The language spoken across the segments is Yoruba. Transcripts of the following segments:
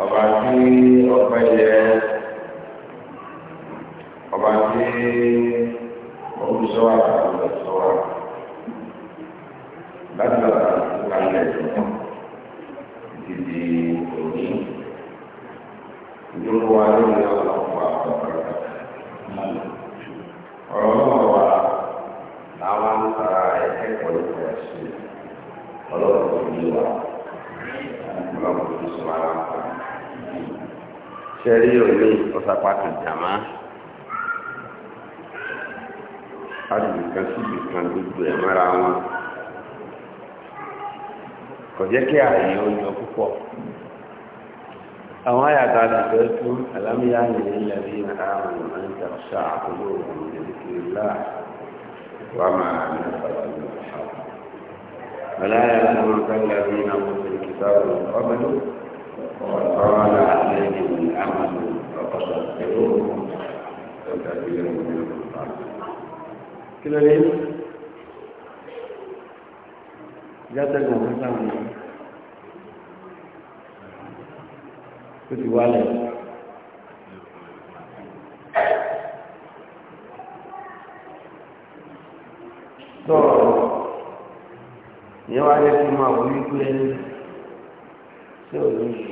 ọba tí ọpẹ́ yẹ ọba tí olùsọ àti olùsọ wa láti lọ. sẹ́rí òní ọ̀sàpá kan jàmá àdùnnì kan síbi kan gbogbo ẹ̀ mọ́ra wọn kò jẹ́ kí ààyè oyún púpọ̀ àwọn àyàtà àdùgbẹ́ fún alámíyá nílé ilẹ̀ bí i ara wọn máa àkókò òun ìdíkiri الذين اوتوا الكتاب من قبل وقال تعملوا وتصدقوه وتأتيه من القرآن كده ليه؟ جاءت المفروض كنت والد sọ̀rọ̀ ìyẹn wáyé fún ma wọ́n wípé ẹni tí ò ní ṣe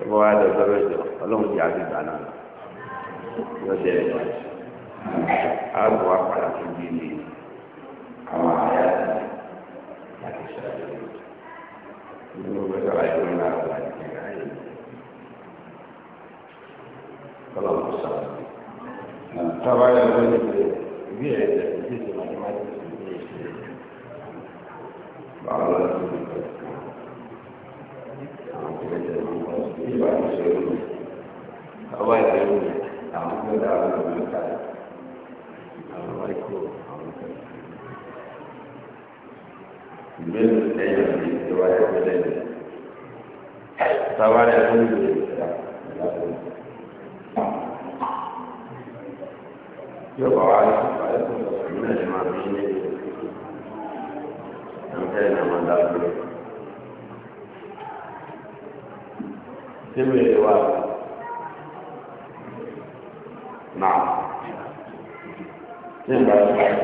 ẹgbẹ́ wa dọ̀ sọ́rọ̀ ìjọ ọlọ́run ti àti ìgbà náà yọ ṣẹlẹ̀ àgbò wa padà tó bí ní àwọn àyà láti ṣàlẹ̀ nínú gbẹ́sọ̀ àìsàn ńlá àwọn àti ìgbà yìí ọlọ́run sọ tọ́ba yẹn lọ́wọ́ ní ìgbẹ́ ìbí ẹ̀ ẹ̀ ti ṣe màdìmáàtì ní ìṣe báwo lọ́wọ́ ní ìgbẹ́ àwọn ìgbẹ́ di bawah seluruh bawah seluruh dalam ke dalam kebunyataan Assalamualaikum Assalamualaikum Bila saya di bawah Sabar ya Tuhan. Ya Allah, ya Tuhan. Ini semua ini. Sampai nama dalam diri. sínú èdè wa náà ní ìgbà tó báyìí.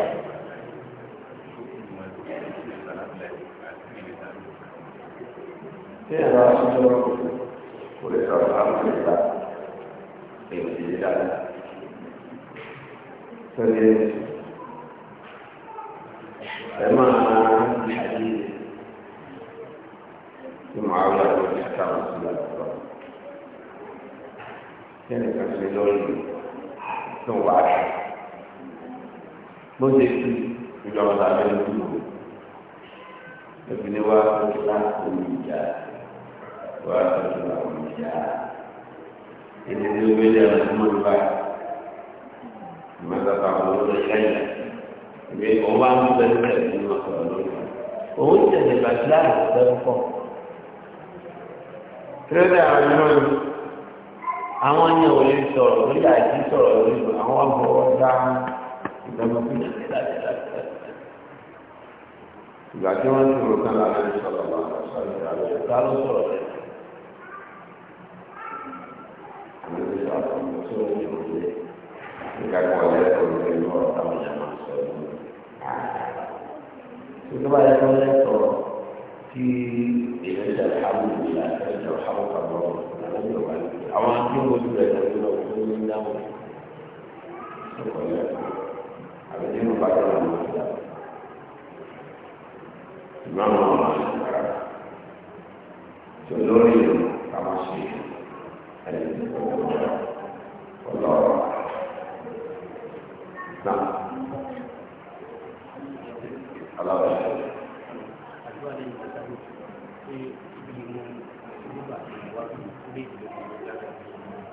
Tí ẹ̀rọ aṣojú ọkùnrin kò lè sọ̀rọ̀ àwọn ìgbà èyí ti yé dáadáa. Sọ́dí ẹ̀ máa sí lórí tó wà á bó ṣe tú ìjọba tàbí ẹni tó lò ẹbí ni wà á tó láti omi ìjà wà á tó láti omi ìjà ẹni tó gbé lẹ́nu tó mọ̀ nípa ìmọ̀ta pàmò lórí lẹ́yìn ìwé òun wà ń bẹ̀rẹ̀ lẹ́yìn nínú ọ̀sán lórí òun tẹ̀lé gbàgbé àrùn sẹ́kọ̀ọ́ tẹ́lẹ̀ àwọn ẹ̀rọ àwọn ní ò lè sọ̀rọ̀ lórí àìsí sọ̀rọ̀ lórí àwọn ọmọ ọ̀dá ìgbàlódé ìgbà tí wọ́n ti rò kán láti sọ̀rọ̀ bá sọ̀rọ̀ ìgbàlódé ìgbà ló sọ̀rọ̀ rẹ̀. àwọn ìgbà tó ń sọ òjò rẹ̀ nígbà tí wọ́n lè kọ́ lórí ìlú ọ̀rọ̀ táwọn yẹn máa sọ ìlú. tó bá yẹ kó lè sọ̀rọ̀ tí èyí ṣe àbúrò ìlànà ìjọ àbúkà bọ̀ ọ̀rọ̀ àwọn tí mo ti bẹ̀rẹ̀ lọ tó ní dáhùn ọ̀pọ̀lọpọ̀ àbí tí mo bá tẹ̀ lọ sí dáhùn. ìmọ̀ àwọn ọmọ àṣìkàrà tó lórí ìlú àwọn ṣe ẹni tó kọ́ ọlọ́rọ̀ náà. Aláwọ̀ ṣe. Àdúrà lè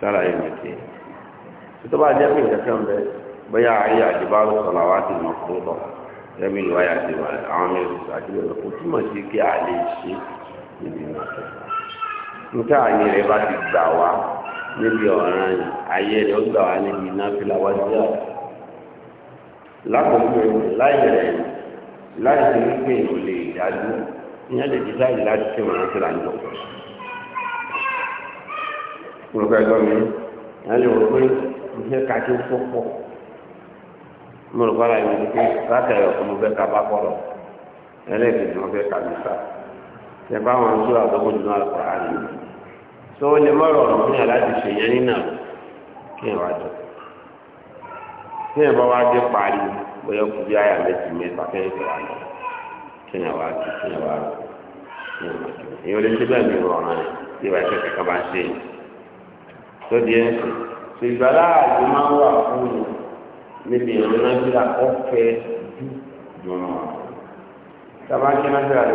sára yake àti tó bá jẹ́ pé ìjọsẹ́ ń bẹ bóyá ayé àjẹbá sọ̀rọ̀ wá sí ìmọ̀ fún bọ̀ ẹ̀mí ìwà yà ti wà àwọn mẹ́rin àti orúkọ ẹ̀gbọ́n mi ẹ lè wọ pé ìfẹ́ kàkí ń pọpọ mo rò bára yìí pé láti ẹyọ kò mo fẹ́ ká bá kọlọ ẹlẹ́ẹ̀kejì mo fẹ́ ká mi sá ẹ bá wọn sọ àdókò nínú àlùkò àná tó lè má rọrùn fún yàrá ti ṣe yẹn nínà kí ẹ wá jọ kí ẹ bá wá dé parí bóyá kú bí àyà méjì mẹ́ta kí ẹ wá lọ kí ẹ wá kí ẹ wá lọ èèyàn lè ṣe bẹ́ẹ̀ mi rọrùn ẹ bí wàá ṣe kẹkẹ yìí. tó di ẹsẹ̀ ṣègbàlá àjò máa ń wà fún mi níbi ìrìn nàìjíríà ọ̀fẹ́ dùnà sábà kí nàìjíríà lè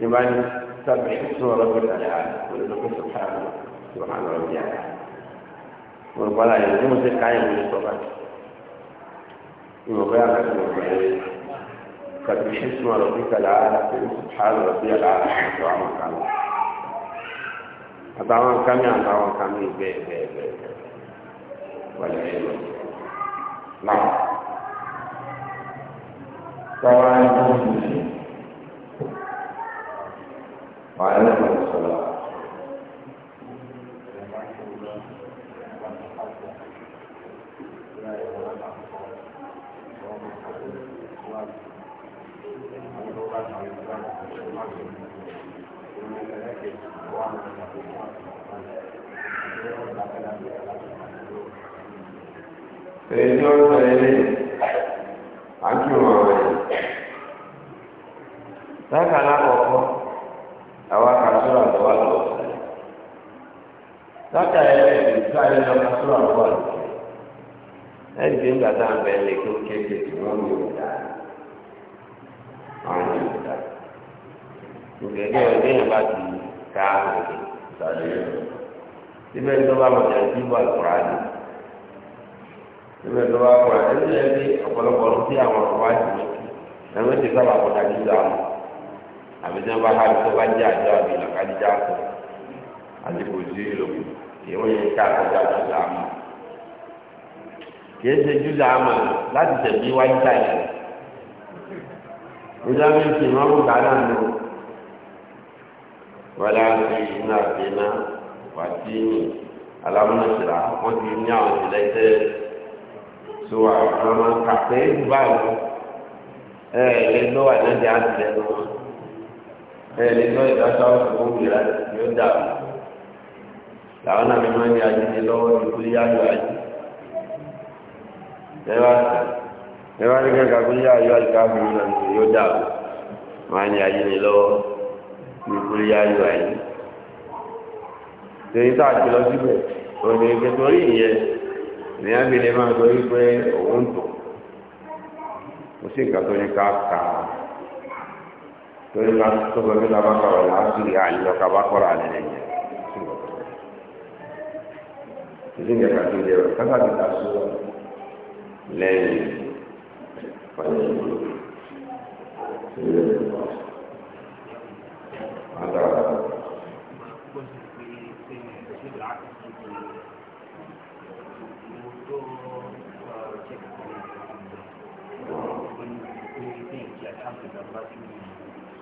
ní bá ní sábà ìṣúná ọlọ́pàá tàlẹ́ àlè wọlé lọ́pàá sọ̀tà àlọ́ sọ̀tà àlọ́ ọ̀bí àlè wọ́n kọ́ láyé ní mo ṣe káyọ̀ ní sọ́ba ìwọ̀n bẹ́ẹ̀ àgbà tó wọ̀ ẹ́ kàbí ìṣúná ọlọ́pàá tàlẹ́ àlè wọlé sọ̀tà àlọ́ ọ̀bí àlè àlè àti àwọn àkàlọ́. àtàwọn nǹkan mi àtàwọn nǹkan mi bẹ́ẹ̀ bẹ́ẹ̀ bẹ́ẹ̀ wọlé ẹ náà. Tọ́wá ẹ̀ lọ́wọ́. ilé àti ìwọ̀n rẹ̀. Láìka lákọ̀ọ́kọ́, àwa kà sọ́ra tó wà lọ. Láìka ẹ̀rẹ́ ìgbésà yẹn lọ kà tó wà lọ. Lẹ́yìn tí ń tá à ń bẹ̀ tí wọ́n Àwọn ẹgbẹ́ yẹn bá ti ká yẹn. Síbẹ̀ ní tó bá lọ pẹ̀lú àwọn ẹni ẹni ọ̀pọ̀lọpọ̀ ló sí àwọn ọ̀rọ̀ àjùmọ̀ ẹ̀rọ ti sábà kọjá jíjọ àmọ́ àbí tí wọ́n bá hàbí tó bá jẹ́ àjọ àbí làkàdíjà kọ àti kò sí ìlòkù ìwé yẹn ká àkọjá jíjọ àmọ́ ṣe àmọ́ láti wáyé táyà iná àti iná wọ́n ti ní àwọn so àwọn kàfẹ́ ìbáwọ̀ ẹ lè lọ ànájà àtẹ lọ ẹ lè lọ ìdájọ́ àwọn òwúrọ̀ yóò dà o làwọn náà mi máa ń ní àdídé lọ́wọ́ ìkú yáyọ àjẹ ẹ wá ẹ wá ní kankan kó yáyọ àjẹ káfíń náà yóò dà o máa ń ní àdídé lọ́wọ́ ìkú yáyọ àjẹ tèyí tá a ti lọ síbẹ̀ òní ìgbésórí ìyẹn ní abìlẹ̀ máa sọ wípé òun tó kò sí nǹkan tó ní ká kà á tó ní ká tó sọ nípa bá kọ̀rọ̀ láásìrì àlọ́ ká bá kọ̀rọ̀ àlẹ́ lẹ́yìn kò sí nǹkan tó lè rọ̀ káká ti ta sọ lẹ́yìn pẹ̀lú ìlú. Thank you.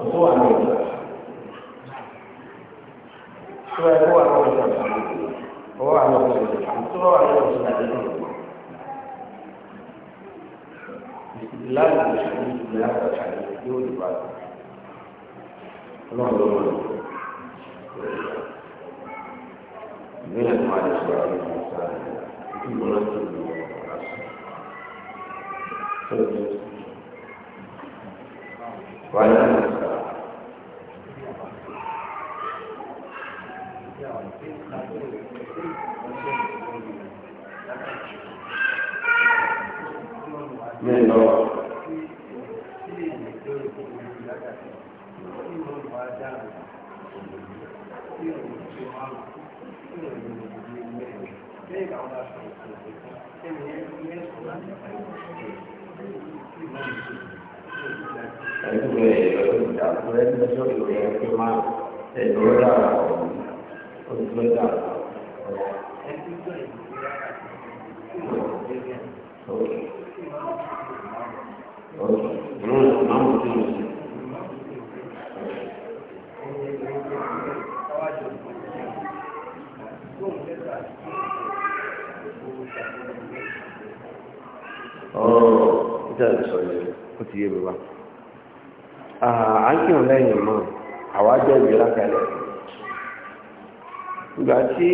ọ̀tún wà ní ìjọ tó ẹ kó wà ní ìjọ ọwọ́ wà ní ìjọ tó wà ní ìjọ àti ìjọ láti ìṣòro ìṣòro láti ìṣòro yóò lè bá ọlọ́run lọ́wọ́ lọ́wọ́ ìgbéyà tó máa lè sọ̀rọ̀ àwọn ọmọ sáà ìgbìmọ̀ náà tó lè wọ́n ọ̀rá sí i. وعلى ẹ̀rọ ọ̀rọ̀ dára ọ̀rọ̀ ó ti yé mi wá. à ń lẹ́yìn mọ́ àwájọ ìwé rákàlẹ ìgbà tí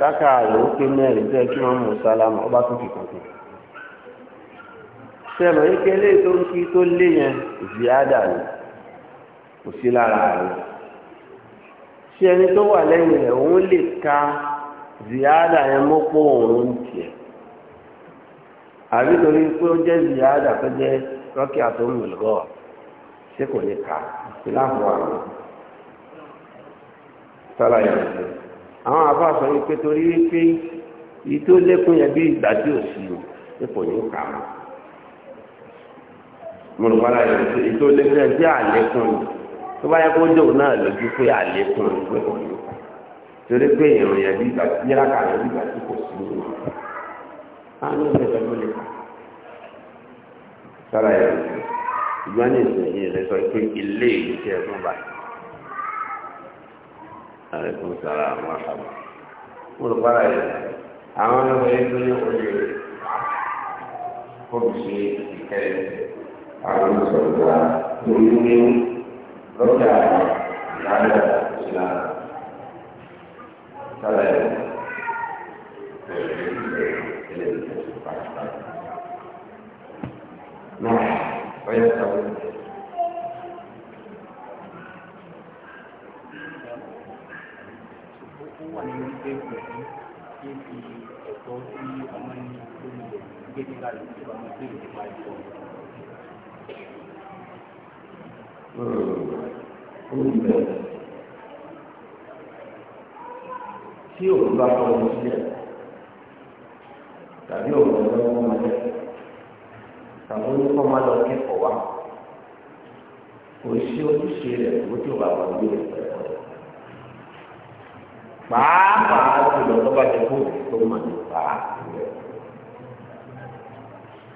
rákà rẹ ó pé mẹ́rin tẹ kí wọn mú sálámà ọba tó fi kankan sẹmọ ike lé tó ń kí tó lé yẹn ziyada ni kò sí lára rẹ ṣé ẹni tó wà lẹ́yìn rẹ òun lè ka ziyada yẹn mọ́pọ̀ òun tiẹ̀ àbí torí pé ó jẹ́ ziyada tó jẹ́ rọ́kì àtọ́mùlùgọ́ ṣé kò ní ka ìlànà àwọn. sálàyà rẹ̀ àwọn àbá sọ wípé torí wípé yìí tó lékún yẹn bí ìgbà tí ò sí ipò ní kà á mo rò yẹn tó lékún yẹn bí àlékún ni tó bá yẹ kó dòwò náà lójú pé àlékún ni pé kò ní torí pé ìrìn yẹn bí ìgbà tí yẹn kà yẹn bí ìgbà tí kò sí ní ìgbà عليكم السلام ورحمة الله وبركاته بيتني أجري كل شيء كريم عمل سلطة تريدني رجع لعبة الإسلام wà nínú wípé òfin kí n fi ẹ̀tọ́ sí ọmọ ní lórí rẹ̀ gbé nígbà yìí tí ọmọ sí ìlú wa jọ. Tí òun bá kọ́ ọ sílẹ̀ tàbí òun lọ́wọ́ wọn lẹ́ tàbí ó kọ́ máa lọ kẹ́kọ̀ọ́ wa kò sí ojúṣe rẹ̀ kó tí ò rẹ̀ pàápàá jùlọ tó bá jẹ fún tó mọ̀ nípa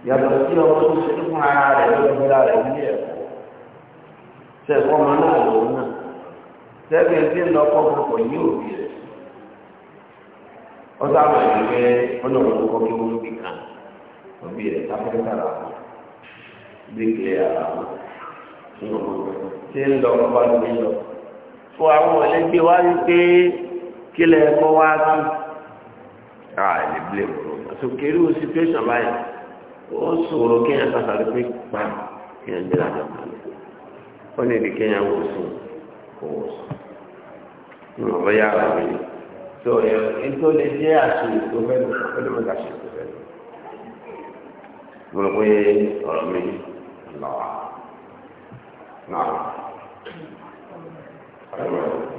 yàtọ̀ sí ọmọ tó ṣe fún ara rẹ̀ ló ń gbéra rẹ̀ nílé ẹ̀kọ́ sẹ́kọ̀ọ́ ọmọ náà lòun náà sẹ́kẹ̀ tí ń lọ kọ́ kọ́kọ́ yí òbí rẹ̀ ó sábà yìí pé ọlọ́run ló kọ́ kí wọ́n bì kan òbí rẹ̀ sáfẹ́fẹ́ ara wọn bí kìlẹ̀ ara wọn ní ń lọ kọ́ bá lóyún lọ. fún àwọn ọ̀lẹ́gbẹ́ wá wípé. kí lẹ kọ́ wá tú àà lè blé mọ̀rọ̀ àtòkè irú situation báyìí ó ṣòro kéèyàn sàṣàlẹ̀ pé pa kéèyàn gbé lájọ kalẹ̀ ó ní ìdí kéèyàn wò sùn kò wò sùn ìmọ̀ bóyá rẹ̀ mi tó ẹ̀ ètò lè jẹ́ àṣìlè tó fẹ́ lò ṣe ọ̀rọ̀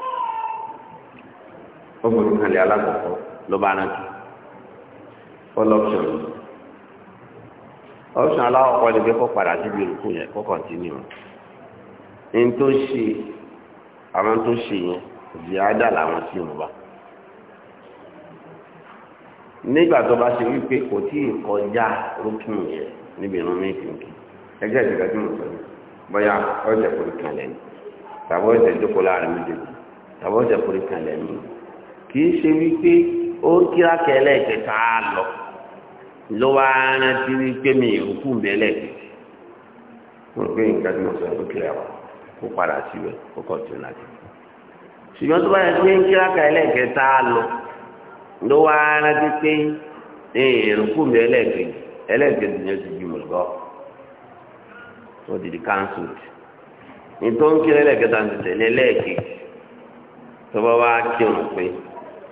ọ kan lè alákọ̀ọ́kọ́ ló bá rántí fọ́lọ́ option option aláwọ̀kọ́ ni pé kó padà síbi ìrùkù yẹn kó continue ní tó ṣe àwọn tó ṣe yẹn làwọn sí nígbà tó bá ṣe wípé kò tí ì kọjá rúkìn yẹn níbi ẹgbẹ́ ìdìgbà tí mo sọ kan lẹ́nu tàbí láàrin kìí ṣe wípé ó ń kíra kẹlẹ kẹta lọ ló wá rántí wípé mi mo gbé nǹkan tí mo sọ kíra wa kó padà kó kọ tó láti ṣùgbọ́n tó pé ń kíra kẹlẹ lọ ló wá rántí pé ìrùkù mbẹlẹ kejì ẹlẹ́ẹ̀kejì ni ó ti ju mọ̀lùkọ́ ó di nítorí kí ẹlẹ́ẹ̀kẹta ti tẹ̀lé ẹlẹ́ẹ̀kejì tó kírun pé.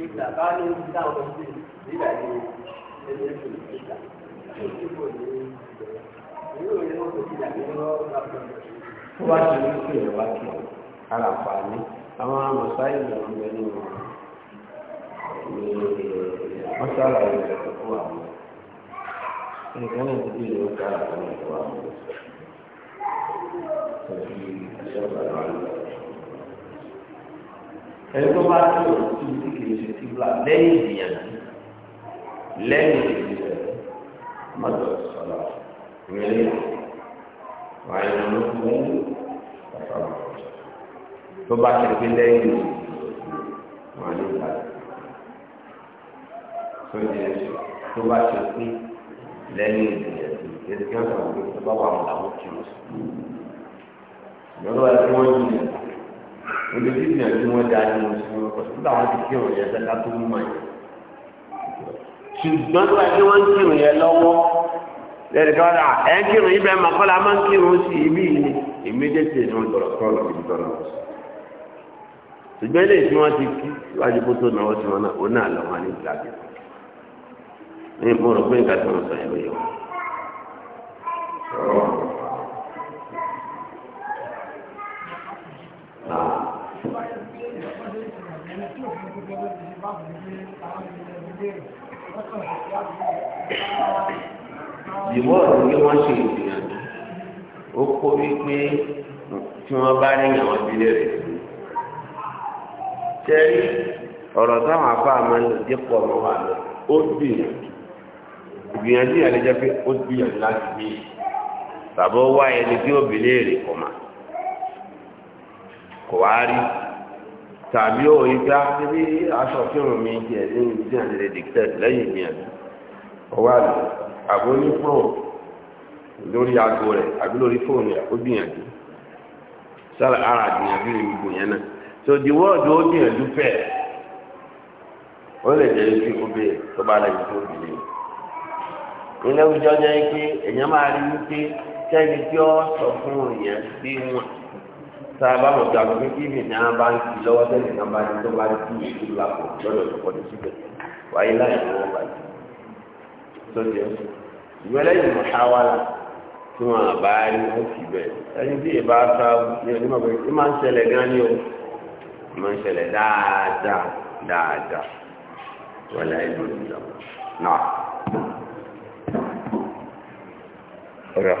ìgbà bá ní ìdá ọmọ sí ìgbà ní ẹgbẹ́ tó ní ìgbà tó ní kò ní ìlú rẹ̀ ó kò sí ìgbà ní ọ̀rọ̀ tó bá ti ní kí ẹ wá kí ara àǹfààní àwọn amọ̀sáyé ló ń bẹ nínú wọ́n sára rẹ̀ lọ́kọ̀ fún àwọn nǹkan náà ti di ìlú kára fún ẹ̀kọ́ àwọn ẹ̀kọ́ àwọn ẹ̀kọ́ bá tó ti di kìí ṣe kíbla lẹ́yìn ìgbìyànjú lẹ́yìn ìgbìyànjú mọ́tò sọ̀rọ̀ ìrẹ́lẹ̀ wàá yẹn ló fún ọ̀sán tó bá ṣe pé lẹ́yìn wàá ní ìgbà tó yẹ tó bá ṣe pé lẹ́yìn ìgbìyànjú kìí ṣe kí wọ́n sọ̀rọ̀ pé tó bá wà láwọn kìí ṣe lọ́dọ̀ ẹ̀ tí wọ́n yìí olùdí ìdìbò tí wọ́n da ní oṣù wọn kọ̀ nígbà wọn ti kí òun yẹn sẹ́ka tó mú ẹ̀. ṣùgbọ́n tó bá yẹ kí wọ́n ń kírun yẹn lọ́wọ́ lẹ́nu kan dà ẹ̀ ń kírun ibẹ̀ mà kọ́lá máa ń kírun sí ibi yìí ìmídẹ́tì ni wọ́n dọ̀rọ̀ kọ́ lọ́wọ́ ibi dọ̀rọ̀ wọn. ṣùgbọ́n ilé tí wọ́n ti kí síwájú kó tó náwó sí wọn náà ó náà ní ìlàjì. ìwọ ọ̀rọ̀ ni wọ́n ṣe ìgbìyànjú ó kó wípé tí wọ́n bá ní àwọn ìdílé rẹ̀ sẹ́rí ọ̀rọ̀ táwọn afá máa ń lò dípò ọ̀rọ̀ wà lọ ó gbìyànjú ìgbìyànjú yẹn lè jẹ́ pé ó gbìyànjú láti bí tàbí ó wá ẹni èrè tàbí ó ìgbà ah, níbi aṣọ kírun mi jẹ ní ìdí àdìrẹ dìtẹ́tì lẹ́yìn ìgbìyànjú ọwọ́ àlè ní fóònù lórí aago rẹ̀ àbí lórí fóònù ó gbìyànjú sára ara gbìyànjú gbogbo yẹn náà so di world ó gbìyànjú fẹ́ ó lè jẹ́ ibi òbí tó bá lẹ́yìn tó bìí ilé ìjọ jẹ́ pé èèyàn máa rí wípé kẹ́ni tí ó sọ fún bí wọ́n. tá a bá mọ̀ tó àgbẹ̀ kí mi ní àwọn bá ń fi lọ́wọ́ tẹ́lẹ̀ náà bá ní tó bá ní kí ìlú lápò lọ́dọ̀ tó kọ́ni síbẹ̀ wáyé láì ní wọ́n bàjẹ́ tó jẹ́ ìwé lẹ́yìn mọ̀ṣáwárà tí wọ́n bá rí wọ́n fi bẹ̀ ẹni tí ìbá sá ní onímọ̀ pé ní máa ń ṣẹlẹ̀ gan ni o ní máa ń ṣẹlẹ̀ dáadáa dáadáa wọ́n láì lórí ìjọba náà. Ọ̀rọ̀.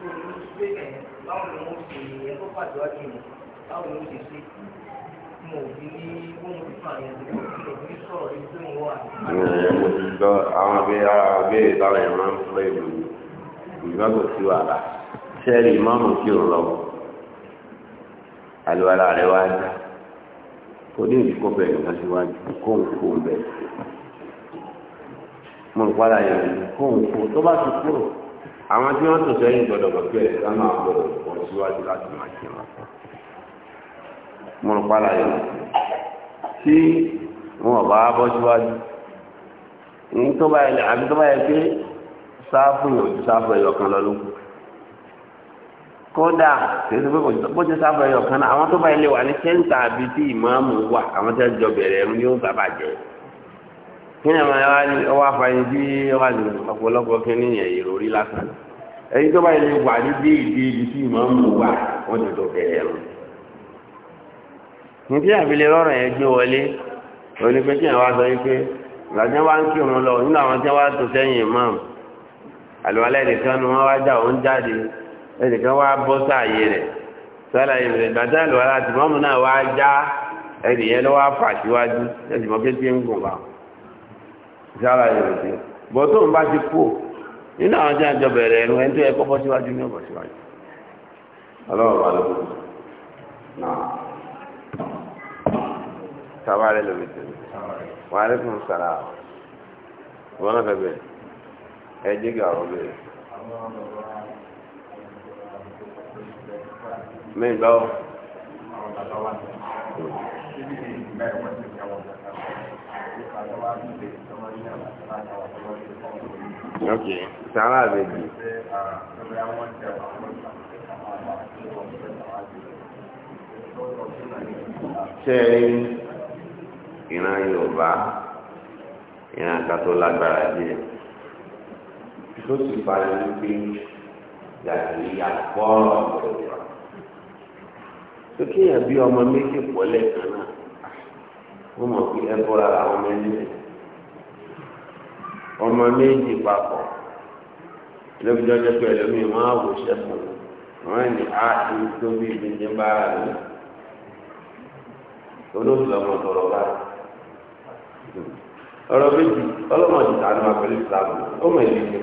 tó o ní pé báwo ni wọ́n ṣe ẹ̀ pàdé wájú mi báwo ni wọ́n ṣe ṣe mo fi ní wọ́n mo fún àyẹ̀ tó o sọ̀rọ̀ ní pé mo wà. mo àwọn abẹ́rẹ́ abẹ́rẹ́ ìbára ẹ̀ ń fún ẹ̀ lórí ìgbà kò sí wàhálà sẹ́ẹ̀lì mọ́mù kí ò rọ̀ àlùwàlà rẹ̀ wá dá kò ní ìdíkọ́ bẹ̀rẹ̀ nǹkan síwájú kóun kó bẹ̀rẹ̀ mo rò padà yẹn kóun kó tó bá ti kúrò àwọn tí wọ́n tún sẹ́yìn gbọ́dọ̀ gbọ́dọ̀ ẹ̀ sáà máa gbọ́dọ̀ pọ̀ síwájú láti máa jẹ wọn. mo rò pálá yẹn tí wọn ò bá bọ́ síwájú ní tó bá yẹ àbí tó bá yẹ pé sáfù yẹn ò ti sáfù ẹ̀yọ̀ kan lọ lókun kódà tẹsí pé kò tẹ sáfù ẹ̀yọ̀ kan náà àwọn tó bá yẹ lè wà ní sẹ́ńtà àbí tí ìmáàmù wà àwọn tẹ́ jọ bẹ̀rẹ̀ ẹ̀rù ni ó bàbà jẹ́ kíni àwọn ẹwà ni afáyín bí ọwọ́ àlè ọpọlọpọ kíni yẹn lásán tó báyìí lè wà ní ìdí ibi tí ìmọ̀ ń mú wà wọ́n ti tó bẹ̀rẹ̀ lọ. ní àbílẹ̀ rọrùn gbé wọlé òní pé àwọn aṣọ yìí pé wa ń lọ nínú àwọn tí wọ́n tó sẹ́yìn àlùwalẹ̀ nìkan ni wọ́n wá já òun jáde ẹnìkan wá bọ́ sáàyè rẹ̀ sára yóò dé bọ́ tó ń bá ti kú nínú àwọn tí a jọ bẹ̀rẹ̀ ẹnu ẹni tó yẹ kọ́kọ́ síwájú ní ọ̀bọ̀ síwájú ọlọ́run wà lóko náà sábàárẹ̀ lórí tèmi wà á lẹ́kùn sára wọn náà fẹ́ bẹ̀rẹ̀ ẹ bẹ̀rẹ̀. ok sàrà àbẹ̀jì. sẹ́yìn ìran yorùbá ìran kan tó lágbára díẹ̀ tó sì parí wípé yàtì àpọ̀ ọ̀rọ̀ tó kéèyàn bí ọmọ méjì pọ̀ lẹ́ẹ̀kan náà wọ́n mọ̀ pé ẹ bọ́ra àwọn méjì ọmọ méjì papọ̀ lọ́gbọ́dọ́ jẹ́ pé ẹlòmíì wọ́n á wò sẹ́kùn wọ́n ní á ti tó bí ibi ní bá rẹ̀ olóòtú ọmọ tọrọ bá ọ̀rọ̀ méjì ọlọ́mọ ti tà ní ma pẹ̀lú ìsìlámù ó mọ̀ èyí ni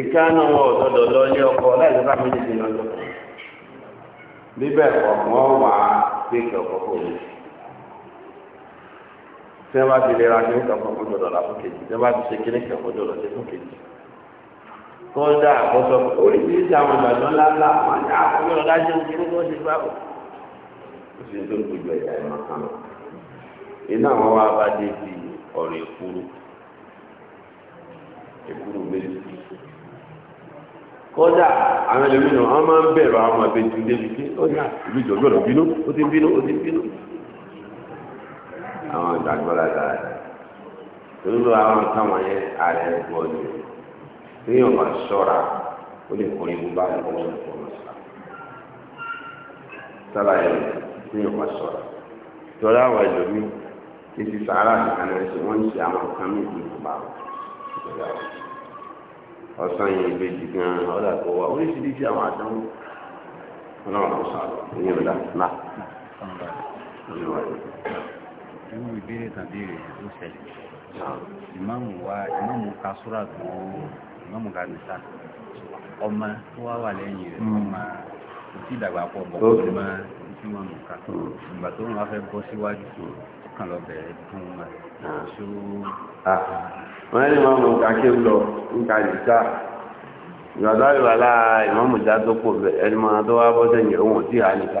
ìka náà wọn ọ̀dọ́dọ̀ lọ ilé ọkọ láì lọ́ba méjì ní ọjọ́ kan bíbẹ̀ ọ̀pọ̀ wọn wà á pé kí ọkọ̀ kò ní tí wọ́n bá fi lè ra ní ó kàn fún ọmọdé ọ̀la fún kejì tí wọ́n bá fi ṣe kíní kan fún ọ̀la fún kejì. kó dá àkóso oríṣiríṣi àwọn ìgbàgbọ́ ńlá ńlá àwọn àjà àwọn ọ̀la jẹ́ òkè ní wọ́n ti bá wò. ó sì ń tó gbogbo ẹ̀yà ẹ̀ máa kàn. iná àwọn wa bá dé bí ọ̀rọ̀ èkúrú èkúrú méjì. kódà àwọn ẹlòmíràn wọn máa ń bẹ̀rù àwọn àbẹ̀jú àwọn ìgbàgbọ́ látara rẹ̀ àwọn nǹkan wọ̀nyẹn ààrẹ gbọ́ ni tí yóò máa ṣọ́ra ó lè bá ọ sálàyé tí yóò máa ṣọ́ra tọ́lá àwọn ẹlòmíì tí ti sàárà nìkan náà ṣe ń ṣe àwọn nǹkan mí ìlú yẹn gan-an oríṣiríṣi àwọn àdánwò ọlọ́run kò irú ìbéèrè tàbí rẹ̀ ló ṣẹlẹ̀ ìmáàmù wa ìmáàmù ka súrà tó ìmáàmù ka nìta ọmọ tó wá wà lẹ́yìn rẹ̀ hmm. ọmọ kò sí ìdàgbà pọ̀ bọ̀ ọmọ tí wọ́n mú ká hmm. ìgbà tó wọ́n fẹ́ bọ́ síwájú tó hmm. kàn lọ bẹ̀rẹ̀ fún wa. Ah. wọ́n ní ìmáàmù kàkí lọ níta nìta ìgbàdá ìwàlá ìmáàmù já tó pọ̀ bẹ̀ ẹni máa tó wá bọ́ sẹ́yìn òun ò tí ì hà nìta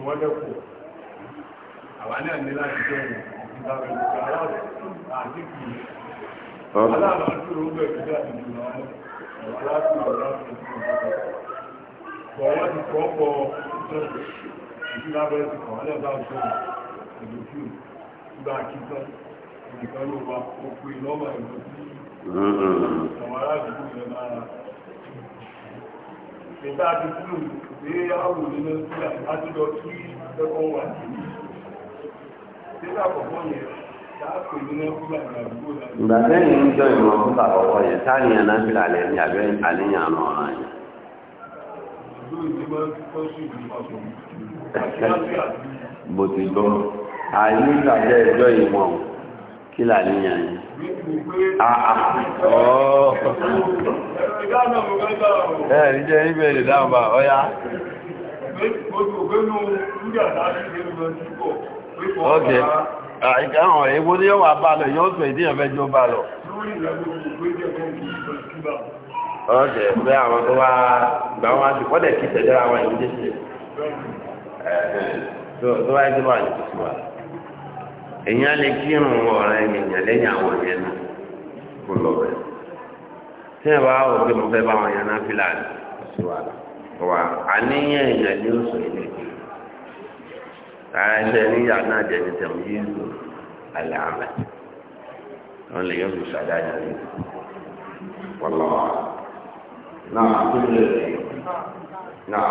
tí wọ́n lẹ́kọ̀ọ́ àwa náà ní láti jẹ́ ìgbàgbọ́ aláàbò àti kìí aláàbò tí ó bẹ̀rẹ̀ sí àti ìgbà aláàbò aláàbò bọ̀ wọ́n ti kọ́ pọ̀ ìjọba ìgbàgbọ́ ti kọ̀ wọ́n lẹ́gbàá ìjọba ìlú fún ìgbà kíkọ́ ìgbà ló wà ó pè lọ́wọ́ ìlú sí àwọn aláàbò ìjọba ìta àti kúrò pé àwò nínú sílá láti lọ kí ẹkọ wà nìyí sílá àkọ́kọ́ yẹn láàpè nínú sílá ìgbàgbọ́ láti. ìgbà tẹ́yìn ń jọ ìmọ̀ fún àkọ́kọ́ yẹn táyìn ẹ̀ náà sílá lẹ́ ní abẹ́ àníyàn ọ̀nà ọ̀nà yẹn. bó ti gbọ́ àyíká jẹ́ ẹjọ́ ìmọ̀ kí là ní yàn yìí ẹ̀ ní jẹ́ ibẹ̀ lè dáhùn bá ọya ok àìkà ah, àwọn èèwò ní yọ́wà bá lọ yóò tó ìdíyàn fẹ́ jó bá ok bẹ́ àwọn tó wá gbà wọn àti èèyàn lè kírun ọ̀rẹ́ ènìyàn lẹ́yìn àwọn yẹn náà kó lọ bẹ̀. tí ẹ bá wò pé mo fẹ́ bá wọn yẹn náà fi láàyè sí wa wà àníyàn èèyàn ní oṣù ilé ara ẹsẹ̀ níyà náà jẹ́ ní tẹ̀wọ́n yìí lò àmẹ́ wọn lè yọ náà lè náà.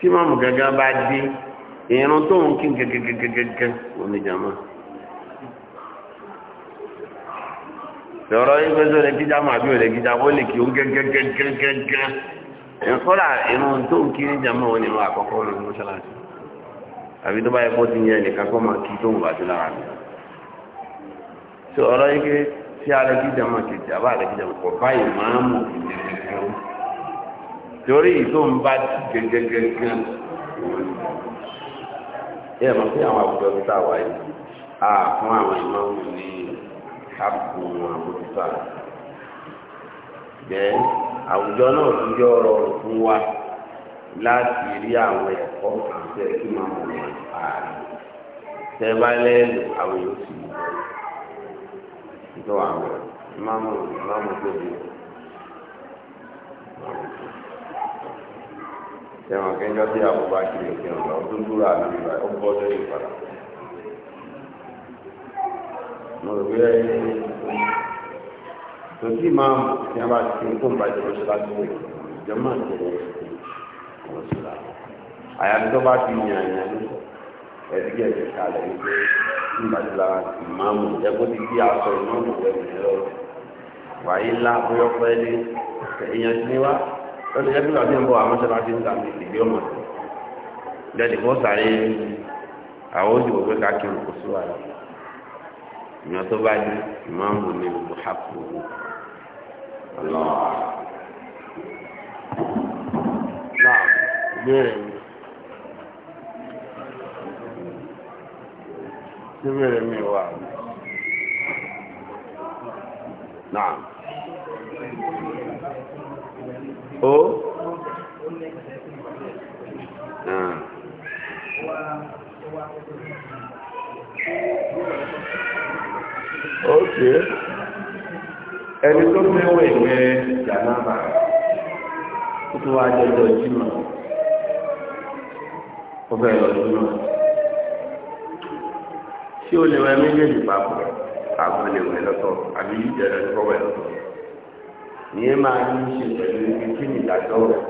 tí mọ́mù gẹ́gẹ́ bá dé ìrún tó ń kí gẹ́gẹ́gẹ́gẹ́gẹ́ oníjàmọ́ lọ́rọ̀ ìgbé tó lè kíjà mọ́ àbí òlè kíjà ó lè kí ó gẹ́gẹ́gẹ́gẹ́gẹ́ ìfọ́lá ìrún tó ń kí níjàmọ́ òní mọ́ àkọ́kọ́ lórí mọ́ṣáláṣí àbí tó bá yẹ kó ti yẹ nìkan kọ́ máa kí tó ń bàtí lára mi sọ̀rọ̀ ìgbé tí a torí ìtò ń bá gẹ́gẹ́gẹ́gẹ́ yẹ mọ̀ sí àwọn àwùjọ tó tà wáyé a fún àwọn ìmọ̀wò ní àbùkù àbójútó àná bẹ́ẹ̀ àwùjọ náà tún jẹ́ ọ̀rọ̀ fún wa láti rí àwọn ẹ̀kọ́ àti ẹ̀kí máa mọ̀ wọn ààrẹ tẹ bá lẹ́nu àwọn yóò sì mú bọ́ ìtọ́ àwọn ìmọ̀wò ìmọ̀wò tó bí wọn. ẹ̀wọ̀n kẹjọ́ tí kiri dúró àmì ìgbà ó bọ́ lórí ìpadà mo rò pé tó tí máa mọ̀ tí a bá ti fi kó ìbàjẹ́ lọ láti wò ìjọ máa ń tẹ̀lé ọ̀rọ̀ sí la àyàfi tó bá ti yàn yàn ní ẹ̀dí ẹ̀jẹ̀ kalẹ̀ máa mọ̀ wọ́n ti jẹ́ nígbà tí ń bọ̀ àwọn ṣẹlá ti ń ta ìgbé ọmọ jáde kó sáré àwọn òṣìwò pé ká kí òkú sí wa mi wà náà ó ah. ok ẹni tó mẹ́wọ̀ ìwẹ̀ jàmáà tó tún wá jẹjọ ìjímọ̀ ó bẹ̀rẹ̀ ọdún náà tí ó lè wẹ̀ méjèèjì papọ̀ àwọn lè wẹ̀ lọ́tọ̀ àbí ìjẹ̀rẹ̀ lọ́wọ́ ẹ̀ lọ́tọ̀ ìyẹn máa ní ṣe pẹ̀lú ibi tí mi dájọ́ rẹ̀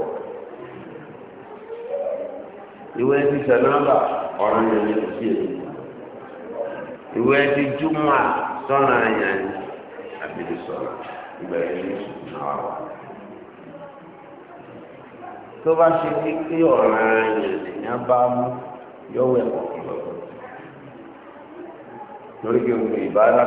ìwé ti sẹ̀nọ́bà ọ̀rọ̀ yẹn ni kò sí èyí. ìwé ti júmọ̀ sọ́nà àyàn ni àbílí sọ̀rọ̀ ìbẹ̀rẹ̀ ní náà wà. tó bá ṣe pé ọ̀rọ̀ àyàn lèyàn bá mú yọ̀wẹ̀ pọ̀ lọ́wọ́. torí pé òun ìbára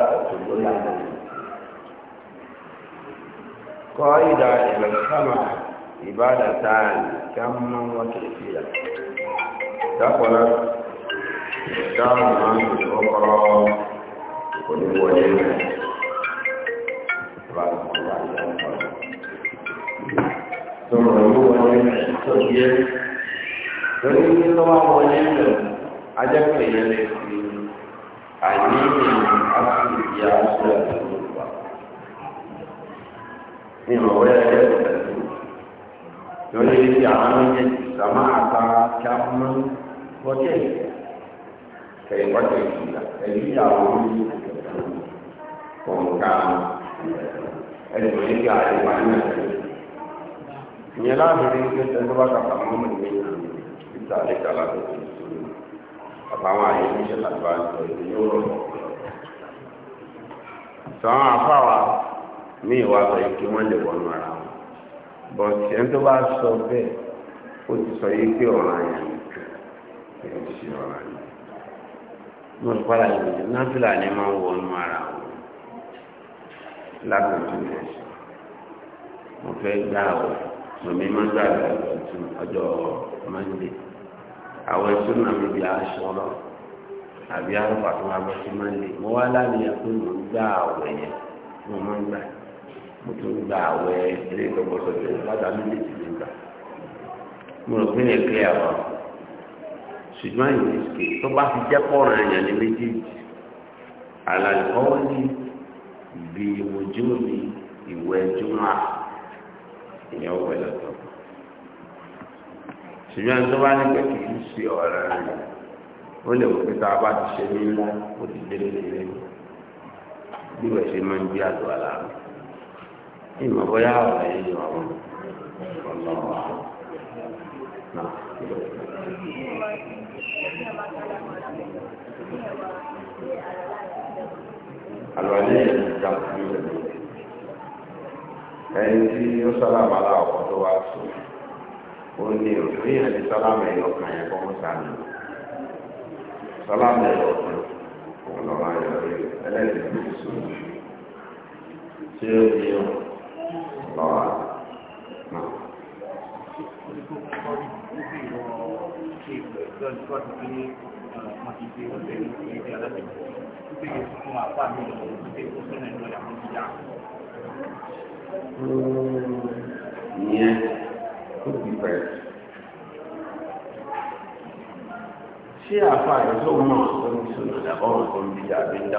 قائدا إلى السماء عبادتان كما وكيفية دخل دعوة أخرى ونبوة جنة سبحانه وتعالى ثم نبوة جنة سجية فإن الله وجنة أجب إلى الإسلام أجيب أصل يا أسلام ní ìrọ̀wẹ́ ẹ̀rẹ́ lórí ibi àwọn oúnjẹ sàmà àtàrà kí a mọ bọ́jẹ̀ kẹ̀yìn bọ́jẹ̀ ìgbà ẹ̀yìn àwọn oúnjẹ kọ̀ọ̀kan ẹ̀sìn oníkì àríwá náà ìyẹn láàbìrin pé tẹ́lẹ̀ bá kàkà mọ́ mi ní ìta àríkà láti fi sùn àtàwọn àyè níṣẹ́ láti bá ń sọ ìdí sọ àwọn afáwà ní ìwà sọ yìí kí wọ́n lè wọnú ara wọn bọ́ọ̀tì ẹni tó bá sọ bẹ́ẹ̀ ó ti sọ yìí pé ọ̀ràn yẹn èèyàn ti ṣe ọ̀ràn yẹn mo rò padà yìí náfìlà ni máa ń wọnú ara wọn lákòókò rẹ̀ sí mo fẹ́ gbà ọ́ mọ̀mí máa ń gbà ọjọ́ mọ́ndé àwọn ẹ̀sùn náà mi bí aṣọ náà àbí àrùn pàtó wa bọ́ sí mọ́ndé mo wá láàyè pé mo ń gbà ọ̀wẹ̀ yẹn mo máa ń gbà mo tún gba àwẹ̀ eré ìgbọ́gbọ́sọ tó ń padà mí létí ló gbà mo rò pé yẹn kílẹ̀ àwọn ṣùgbọ́n ìwé ìsìkè tó bá fi jẹ́ kọ́ra èèyàn ní méjèèjì àlàkọ́ ní bí ìwòjú mi ìwé ẹjúmọ́ ìyẹn ò wẹ̀lẹ̀ tó ṣùgbọ́n tó bá ní pé kì í ṣe ọ̀rẹ́ rẹ̀ ó lè wò pé tá ti ṣe mímọ́ ó ti dé lórí rẹ̀ bí wẹ̀ ṣe máa ń gbé àlọ́ àlàáfíà ìmọ̀ bóyá ọ̀rọ̀ yẹn yọ ọ̀rọ̀ ọlọ́wọ́ náà. àlùwalẹ̀ yẹn ti dá fún mi ẹni tí ó sálámà láwọ̀ tó wá sùn ó ní òfin yẹn ti sálámà ẹ̀yọ̀ kan yẹn kọ́kọ́ sàmì sálámà ẹ̀yọ̀ kan òun lọ́wọ́ ayọ̀ rẹ̀ ẹlẹ́sìn tó sùn tí ó di ọ́. الله أعلم hmm. ṣé àfa ìṣó mọ̀ tó ń sùn àdàbọ̀ tó ń bí àbí ń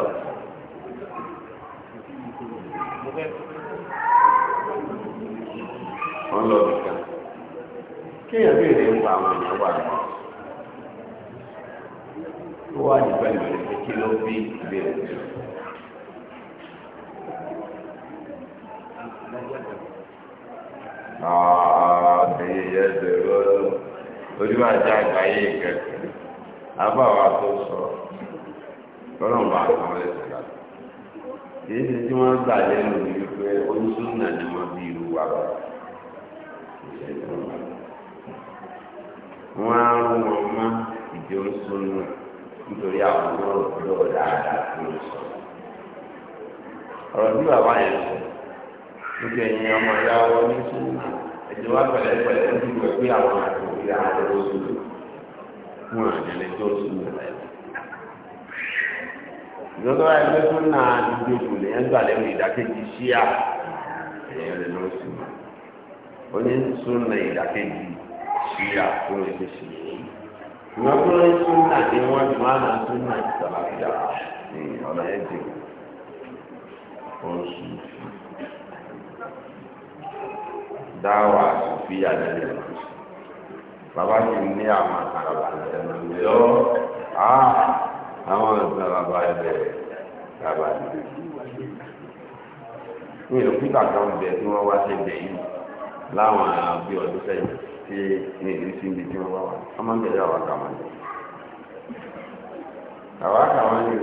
wọn lọ nìkan bí béèrè ń pa àwọn èèyàn wà lọ wà nípa ìbẹ̀rẹ̀ pé kí ló bí ìbéèrè ah ààbẹ̀yẹ yẹ bẹ̀rẹ̀ ọlọ́run ojú àjà àgbáyé kẹ̀kẹ́ àbáwá tó sọ lọ́nà bá láti tí wọ́n gbà lẹ́nu ni wọ́n bí irú wa báyìí. wọ́n á wọn mọ́ ìdí oṣù nù nítorí àwọn ọ̀rọ̀ lọ́wọ́ dáadáa tó ń sọ. ọ̀rọ̀ tí bàbá yẹn sọ níbi ẹ̀yìn ọmọ ìyá wọn ní sùúrù ẹ̀jẹ̀ wá pẹ̀lẹ́pẹ̀lẹ́ ń pé àwọn àti àti fún àjẹlẹ tó ìjọba náà òkú ìdákẹ́jì onísúnà ìdàkejì ṣíyà tó lè fi ṣe ìwọ́n tó lè súnà ní wọ́n ju àná súnà ìsàlàfíà ní ọ̀nà ẹ̀jẹ̀ oṣù dáwà sùfíà nílẹ̀ lọ́sùn bàbá ti ní àwọn àkàràbà ìṣẹ̀lẹ̀ lọ àwọn ìṣẹ̀lẹ̀ ẹ̀bẹ̀ bàbá ìṣẹ̀lẹ̀ mi ò kí bàtà ń bẹ tí wọ́n wá ṣe bẹ̀ yìí láwọn àbí ọdún sẹ́yìn tí ní ìlú sí ibi tí wọ́n wá wà ọmọ ń tẹ̀lé àwọn àkàwọn ni àwọn àkàwọn ni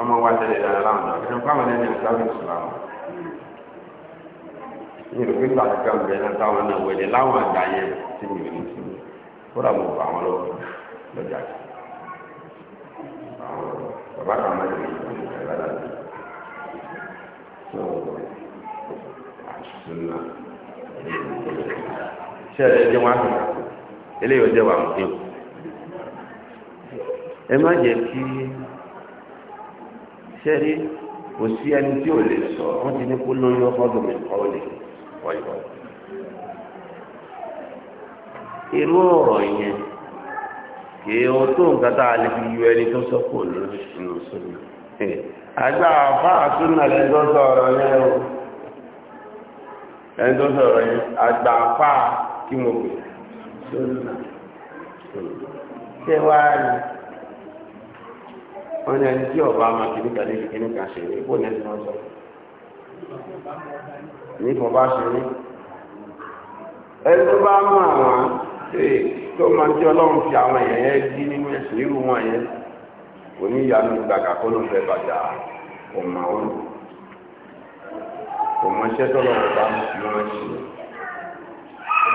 ọmọ wa tẹ̀lé dára láwọn náà kẹ́kẹ́ fáwọn ẹni ẹ̀ka bí ìsìlámù ní ìlú pípa kíkà ń bẹ̀rẹ̀ táwọn náà wẹ̀lẹ̀ láwọn àgbà yẹn tí mi ò sí mi kódà mo wọn lọ́wọ́ lọ́jà kí bàbá kan máa tẹ̀lé ìgbà ìgbà dáadáa. So, àṣìṣe náà. ṣẹlẹ̀ ẹjẹ́ wọn àfẹ́ eléyìí ọjọ́ wà mọ́tò ẹ má jẹ́ kí ṣẹ́rí kò sí ẹni tí ò lè sọ wọ́n ti ní kó lóyún lè irú yẹn kì í tó nǹkan tá a lè fi ẹni tó sọ àgbà sọ yẹn o kí mo pè sórí náà rí ọba máa kí níta lè fi kíní kan ṣe ní ipò nẹ́ẹ̀sì wọn sọ ní ìfọ̀n ṣe ní ẹni tó bá mú àwọn tó máa tí ọlọ́run fi àwọn èèyàn yẹn dí nínú ẹ̀sìn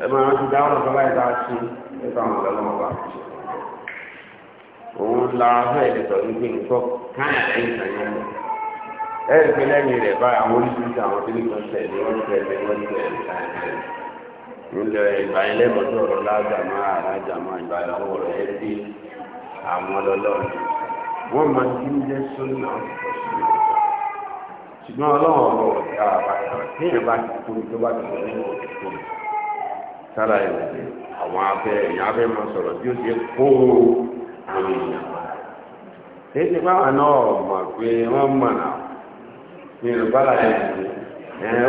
ẹ máa ti ọrụ ọ̀sán láì dá sí nípa àwọn ọ̀lọ́mọ ọba òun la fẹ́ ìdìtọ̀ nígbè nǹkan káyà lẹ́yìn ìtàyẹ̀ lọ ẹ rí pé lẹ́yìn rẹ̀ bá àwọn oríṣiríṣi àwọn tó ní kan tẹ̀lé wọ́n ma sára ìwé àwọn afẹ́ èèyàn afẹ́ máa sọ̀rọ̀ tí ó ṣe kó àwọn èèyàn ṣe ti báwa náà mọ̀ pé wọ́n mọ̀ náà ní láyé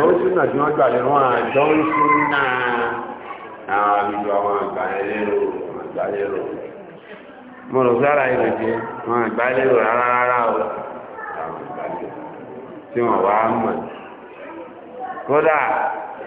ó sì náà tí wọ́n gbà wọn àjọ ń sún náà àwọn àbíjọ àwọn àgbàlérò mo rò sára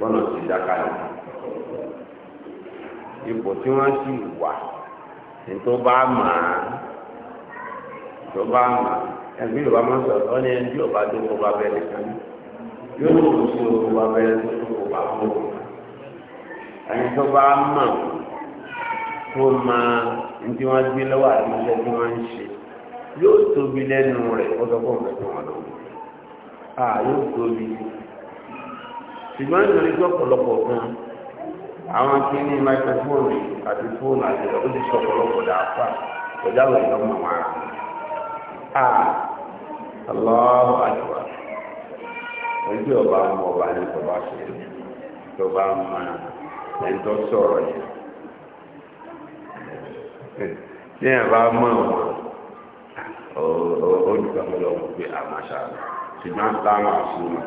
lọ́nà tí dákalẹ̀ ipò tí wọ́n sì wà ní tó bá màá tó bá màá ẹbí yorùbá máa ń sọ ọ ní ẹni tí yorùbá tó kó bá bẹ́ẹ̀ nìkan yóò ní kó sí owó bá bẹ́ẹ̀ tó tó kó bá mú ẹni tó bá mọ̀ tó máa ní tí wọ́n gbé lọ́wọ́ àti iṣẹ́ tí wọ́n ń ṣe yóò tóbi lẹ́nu rẹ̀ kó sọ fún ọ̀gá tó wọn lọ́wọ́ à yóò tóbi ṣùgbọ́n nítorí pé ọ̀pọ̀lọpọ̀ gan àwọn akíní máikrófóònù àti fóònù àti ó ti sọ ọ̀pọ̀lọpọ̀ dàáfà ọjà àwọn èèyàn mọ̀ wọn a aláwọ̀ àjùwà ojú ọba mọ ọba ní ọba ṣe tó bá mọ ẹni tó sọ̀rọ̀ yẹn ní ẹ̀ bá mọ̀ wọn olùkọ́ mi lọ́wọ́ pé àmàṣà ṣùgbọ́n táwọn àṣùwọ̀n.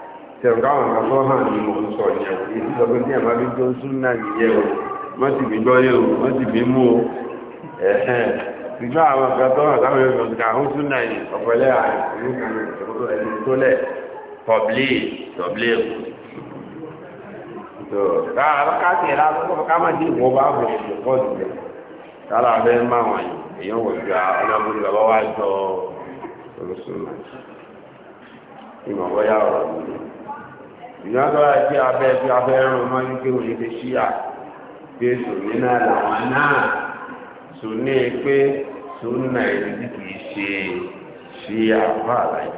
tẹ̀wọ̀n káwọn kan tó hàn ní mò ń sọ yẹn o èyí sọ pé ní ẹ̀ma bí tó ń sún náà nìyẹn o wọ́n sì fi gbọ́ yẹn o wọ́n sì fi mú o ẹ̀hẹ́n ṣùgbọ́n àwọn kan tó hàn káwọn yóò fi kàwọn sún náà yìí ọ̀pẹ̀lẹ́ àìsàn tala abẹ́ máa ìyọ́dọ̀ ẹ̀kí abẹ́ bí abẹ́ ẹ̀rùn mọ́ ní pé òye lè ṣíyà pé sòní náà làwọn náà sòní pé sòní náà èyí tí kìí ṣe ṣíyà fà láyé.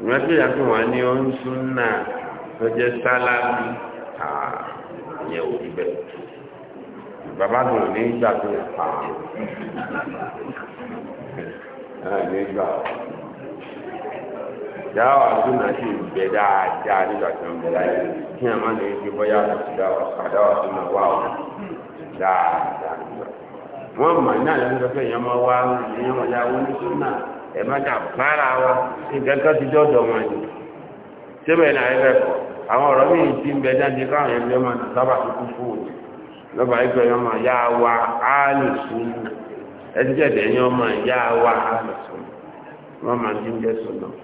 ìwọ́n tí ìyá fún wa ní oún súnà tó jẹ́ sálábì àyẹ̀ òbí bẹ́ẹ̀. bàbá mi ní gbà tó pa àwọn. ẹ̀ ní gbà ọ́. dáwà súnà sì ń bẹ dáadáa nígbà tí wọ́n bẹ láyé kí ẹ má lè fi bọ́yá àti dáwà àdáwà súnà wà ó dáadáa nígbà náà yẹn wá ya má dà bára wa ti wọn síbẹ̀ náà ẹ àwọn ọ̀rọ̀ mi ti ń bẹ jáde káwọn ẹbí ọmọ náà sábà tó ya wa ẹ ti jẹ́ ẹ̀dẹ̀ ọmọ ya wa máa ń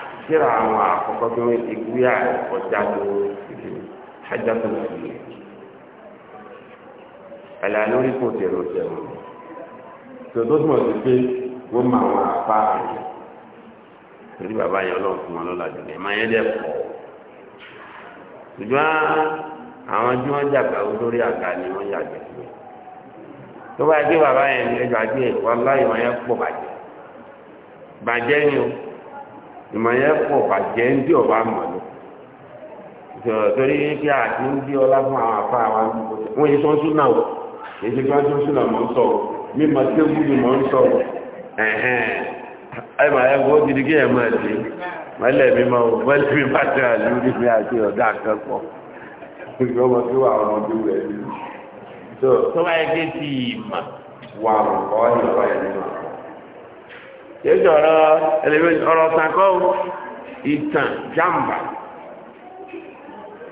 tíra àwọn àkọ́kọ́ tó ń ti gbé àkọjá tó ṣájà tó fi yẹ. ẹ̀là lórí kò tẹ̀lé ọ̀tẹ̀ wọn. tòótọ́ tí mo ti pé wọ́n mọ àwọn apá àyẹ̀. torí bàbá yẹn ọlọ́run fún wọn lọ́la jùlọ ẹ̀ máa yẹn dẹ̀ pọ̀. ṣùgbọ́n àwọn tí wọ́n jàgbá lórí àga ni wọ́n yàgbẹ́ sí wọn. tó bá yẹ kí bàbá yẹn ẹjọ́ àgbẹ̀ wàláyé wọn yẹn pọ̀ bàjẹ́ bàjẹ́ ni o ìmọ̀ yẹn pọ̀ bàjẹ́ ń dí ọ̀bá mọ̀ lọ. torí kí àti ń dí ọlá fún àwọn afá wa wọ́n yẹ sọ́n súnà o èyí tí wọ́n sún súnà mọ̀ ń sọ o mímọ tí ó gbúdù mọ̀ ń sọ o ẹ máa ẹgbẹ́ ó ti di kí ẹ máa dé mọ́lẹ̀ mi máa wọ mọ́lẹ̀ mi bá tẹ̀ àlú ní mi àti ọ̀dà akẹ́kọ̀ọ́ ìgbà ọmọ tí wàá ọmọ tó rẹ̀ ní. tó bá yẹ ti ìmọ̀ wà kìí ṣe ọ̀rọ̀ ẹlẹ́mẹ̀tì ọ̀rọ̀ sankọ́ ìtàn jàǹbá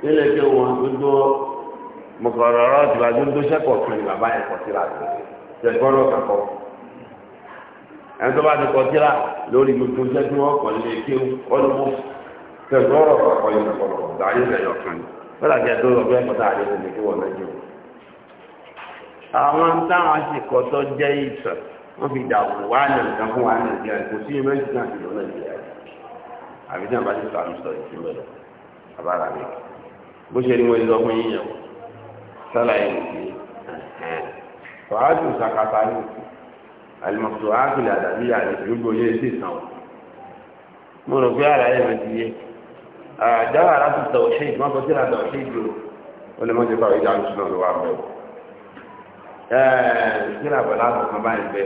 nílẹ̀ tí wọn gbogbo mọ̀kọ̀rọ̀rọ̀ ti wá gbogbo sẹ́kọ̀ọ́ kan ní bàbá ẹ̀kọ́ sí la ṣẹ̀kọ́ lọ kankọ́ ẹni tó bá ti kọ́ sí la lórí gbogbo sẹ́kí wọn kọ̀ lé kí wọ́n mú ṣẹ̀kọ́ ọ̀rọ̀ kọ̀ọ̀kọ́ yìí lọ́kọ̀ọ̀kọ̀ dáyé lẹ́yọ̀ kan ní wọ́n làjẹ́ tó lọ kọ́tà àdéhùn ní kí wọ́n lẹ́jọ́ àwọn táwọn àsìkò tó jẹ́ ìtàn wọ́n fi dàwò wá nàìjíríà fún wa nàìjíríà kò sí ẹgbẹ́ ìsìn náà ti lọ nàìjíríà àbí tí wọ́n bá ti sọ àmì sọ ìsìn mẹ́lọ àbára mi bó ṣe ni wọ́n lọ fún yíyan sálàyé nìyí tọ́hájú sàkàtà ní àlùmọ̀tò ákìlì àdàbí àdàbí gbogbo yé sí sàn mo rò pé àlàyé mi ti yé àdáwà láti tọ̀ ṣe ìgbọ́n kọsílà tọ̀ ṣe ìgbò ó lè mọ́ ti bá ìjà àlùsùn náà lọ́wọ́ àbẹ̀wò kíra bọ̀lá kọ̀ọ̀kan báyìí bẹ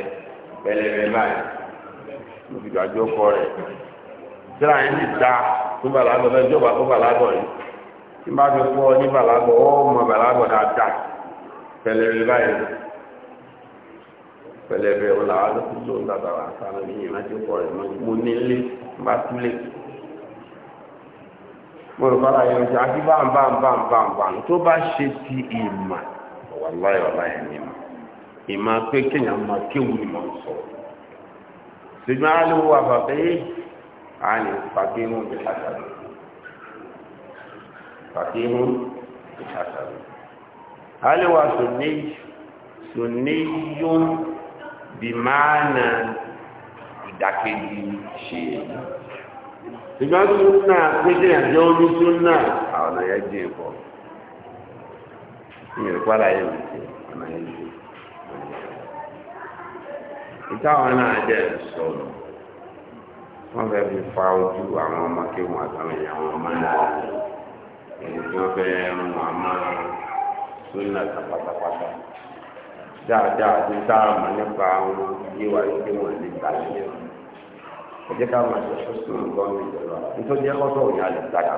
bẹ̀lẹ̀bẹ̀ báyìí mo fi gbàgbé ọkọ rẹ̀ kíra ti da fún bàlágọ̀ bẹ́ẹ̀ jọba fún bàlágọ̀ yìí tí n bá fi ní mọ báyìí wọn làwọn ń dàgbà wà ní mo nílé n bá túlé mo rò yẹn ìmọ̀ pé kéèyàn mọ̀ kéwù ni mọ̀ ń sọ ṣùgbọ́n aliwo àbàbẹ́ àní fàkínú ìṣàṣàlù fàkínú ìṣàṣàlù aliwo àṣùní ṣùní yún bìmánà ìdàkejì ṣe ṣùgbọ́n súnà pété àjọ omi súnà àwọn ọ̀nà yẹn jẹ́ ìfọ̀ mi ò ọ̀nà yẹn jẹ́ ìtàwọn náà jẹ́ sọ̀rọ̀ wọ́n fẹ́ fi fa ojú àwọn ọmọ kí àtàwọn èèyàn wọn máa èyí tí wọ́n fẹ́ mú àmọ́ sólà pátápátá dáadáa tó dáàmà nípa àwọn ilé wa yìí pé wọ́n lè gbà lẹ́yìn ẹ̀jẹ̀ ká máa ṣe ṣọ́sùn gọ́ọ̀mù ìjọba nítorí ẹ̀kọ́ tó yà lè dára.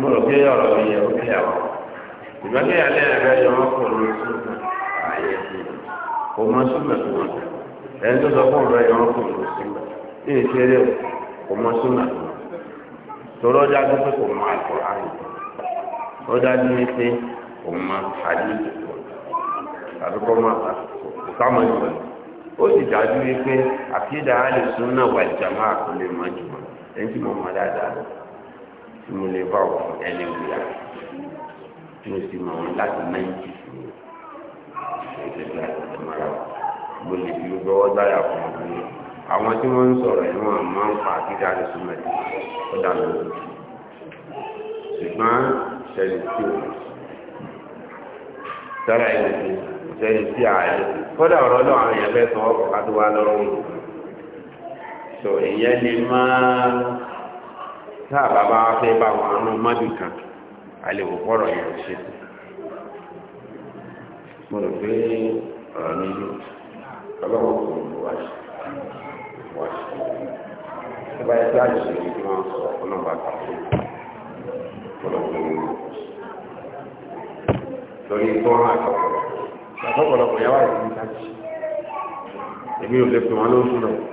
mo rò pé ọ̀rọ̀ yẹ ó kí àwọn ìgbàgbé alẹ́ ẹ̀rẹ́ yọ wọ́n pọ̀ lórí súnmọ́ ààyè ẹ̀sìn kò mọ súnmọ́ tó wọn ẹni tó sọ fún ọ̀rọ̀ wọ́n ní ìṣeré kò mọ tó tó kò mọ àkọ́ àyè pé kò mọ tàbí kò mọ kò ó sì dájú wípé àkídà ẹni tí mo mọ̀ dáadáa tí mo lè bá òun ẹni wúlò tí mo sì mọ̀ wọn láti náìjì fún ti àti ìmọ̀ra mo lè fi gbogbo dáyà fún ọdún yìí àwọn tí wọ́n ń sọrọ yìí wọ́n máa ń fa kíkà ní súnmọ́tì ó dà lóru ṣùgbọ́n ṣẹlẹ̀ tí o sára ẹni tí tí a so èyẹ lè máa tá a bàbá wa fẹ́ bá wọn àánú mọ́bì kan a lè wò pọ́rọ̀ yẹn ṣe mo rò pé ọ̀rọ̀ mi ló ọlọ́wọ́ kò ní wá sí wá sí ẹ bá yẹ kí ní kí wọ́n sọ ọlọ́wọ́ ló lórí tó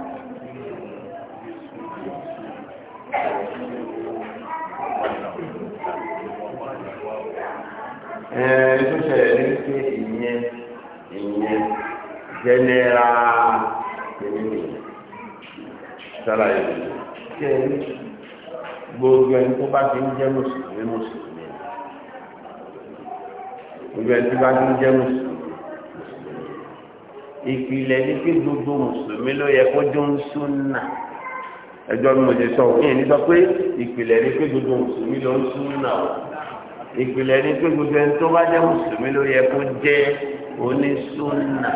tó ṣẹlẹ̀ ní pé ìyẹn ìyẹn jẹnẹra ìyẹn sára ìlú ṣe ní gbogbo ẹni tó bá ti ń jẹ́ mùsùlùmí mùsùlùmí gbogbo ẹni tó bá ti ń jẹ́ mùsùlùmí ìpìlẹ̀ ní pé gbogbo mùsùlùmí ló yẹ kó jó ń sún ẹjọ́ bí mo ti sọ òun yẹn ní sọ pé ìpìlẹ̀ ní pé gbogbo mùsùlùmí ló ń sún náà ìpìlẹ̀ ní pé gbogbo ẹni tó bá jẹ́ mùsùlùmí ló yẹ kó jẹ́ onísúnà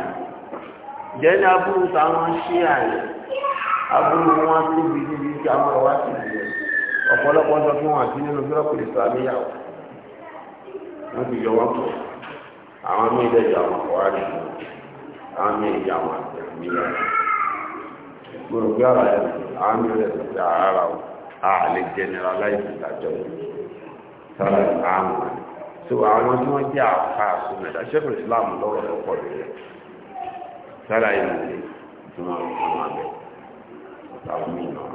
jẹ́ni aburú táwọn ṣí àyè aburú wọn tóbi níbi tí àwọn ọ̀wá sì lè ọ̀pọ̀lọpọ̀ sọ fún wọn àti nínú bírọ̀kì ìsàmìyàwó wọn ti yọ wọn pọ̀ àwọn míì lẹ́yìn àwọn ọ̀wárí àwọn míì lẹ́yìn àwọn àtẹ̀míyàwó gbòòrò bí àwọn ẹ̀rọ àmìlẹ̀ ti àárá o a lè generalize ìdájọ́ so àwọn tí wọ́n jẹ́ àfà àsúnmẹ̀dá ṣẹ́kùn Islam lọ́wọ́ tó pọ̀ lórí sára ìlú tí wọ́n fún abẹ́ àwọn mìíràn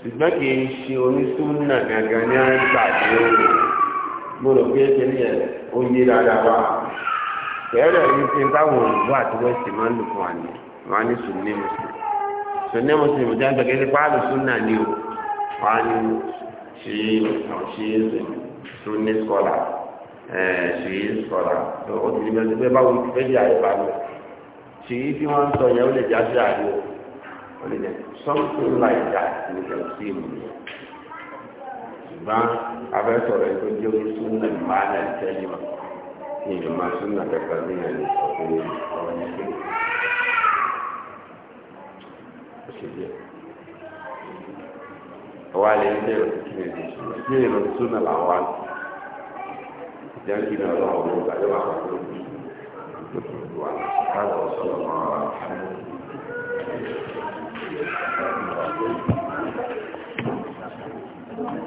ṣùgbọ́n kì í ṣe onísúnnà gangan ní àgbà tí ó lè gbọ́dọ̀ kẹ́rẹ̀ ní táwọn àti máa ń sọ̀nẹ́ mùsùlùmí jáde gẹ́gẹ́ pàálù súnà ni o wà ní ṣe ṣe súnni skọ́là ṣe skọ́là ó ti di mẹ́tọ́ pé báwo ti fẹ́ di àyíká lọ ṣe yí tí wọ́n ń sọ yẹn ó lè jáde àyè o ó lè jẹ something like that ní ìrìnmá súnà kẹfà ní ẹ̀sìn ìmùlẹ̀ ọ̀rọ̀ ó ṣe díẹ̀ ọwọ́ alẹ́ ilé òkè ìdí ìlú súnà làwọn wá ìdí àti ìlú ọlọ́run ọ̀hún ìgbàlẹ́ wà wà lórí wà káàbọ̀ sọ́nà máa wà. Thank you.